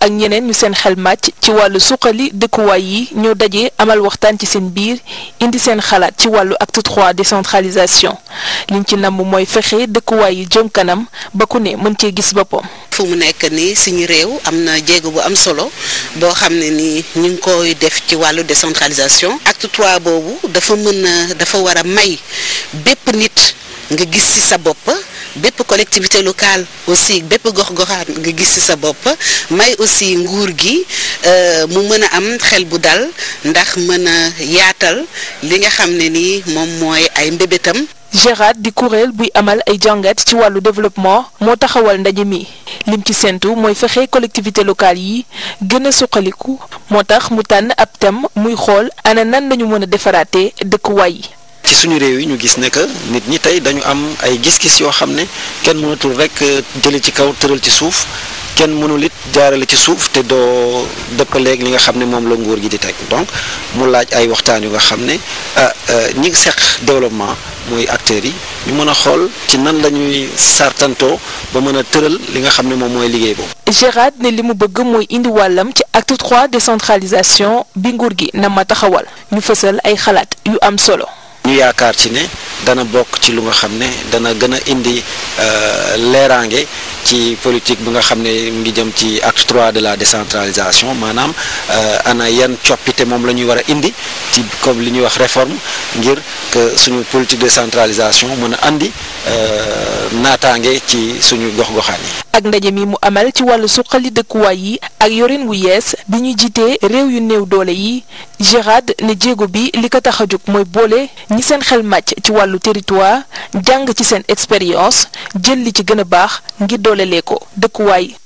ak ñeneen ñu seen xel màcc ci wàllu suqali dëkkuwaay yi ñoo dajee amal waxtaan ci seen biir indi seen xalaat ci wàllu acte 3 décentralisation liñ ci namm mooy fexe dëkkuwaay yi jëm kanam ba ku ne mën cee gis boppam. fu mu nekk nii suñu réew am na jéego bu am solo boo xam ne nii ñu ngi koy def ci wàllu décentralisation acte 3 boobu dafa mën a dafa war a may bépp nit nga gis ci sa bopp. bépp collectivité locale aussi bépp gox-goxaat nga gis ci sa bopp may aussi nguur gi euh, mu mën a am xel bu dal ndax mën a yaatal li nga xam ne ni moom mooy ay mbébétam. Gérard di kuréel buy amal ay jàngat ci wàllu développement moo taxawal ndaje mi lim ci séntu mooy fexe collectivité locale yi gën a suqaliku moo tax mu tànn ab thème muy xool ana nan lañu mën a defaraate dëkkuwaay yi ci suñu réew yi ñu gis ne que nit ñi tey dañu am ay gis-gis yoo xam ne kenn mënatul rek euh, jële ci kaw tëral ci suuf kenn mënul it jaarale ci suuf te doo dëppaleeg li nga xam ne moom la nguur gi di teg donc mu laaj ay waxtaan yu nga xam ne ah, euh, ñi ngi seq développement mooy acteurs yi ñu mën a xool ci nan la ñuy sartantoo ba mën a tëral li nga xam ne moom mooy liggéey boobu. Gérard ne li mu bëgg mooy indi wàllam ci acte 3 décentralisation bi nguur gi na ma taxawal ñu fësal ay xalaat yu am solo. ñu yaakaar ci ne dana bokk ci lu nga xam ne dana gën a indi euh, leeraange ci politique bu nga xam ne mu ngi jëm ci acte trois de la décentralisation maanaam euh, ana yan coppite moom la ñuy war a indi comme li ñuy wax réforme ngir que suñu politique de centralisation mën a andi euh, naataange ci suñu gox-goxaan yi. ak ndaje mi mu amal ci wàllu suqali dëkkuwaay yi ak yorin wu yees bi ñuy jiitee réew yu néew doole yi Gérard ne jéego bi li ko tax a jóg mooy boole ñi seen xel màcc ci wàllu territoire jàng ci seen expérience jël li ci gën a baax ngir doolelee ko dëkkuwaay.